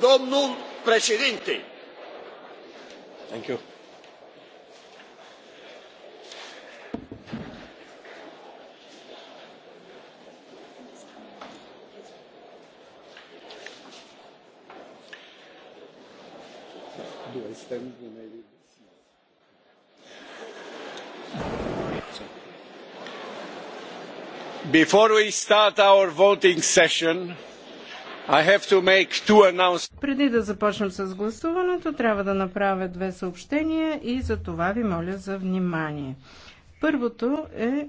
Domnul președinte. Before we start our voting session, преди да започнем с гласуването, трябва да направя две съобщения и за това ви моля за внимание. Първото е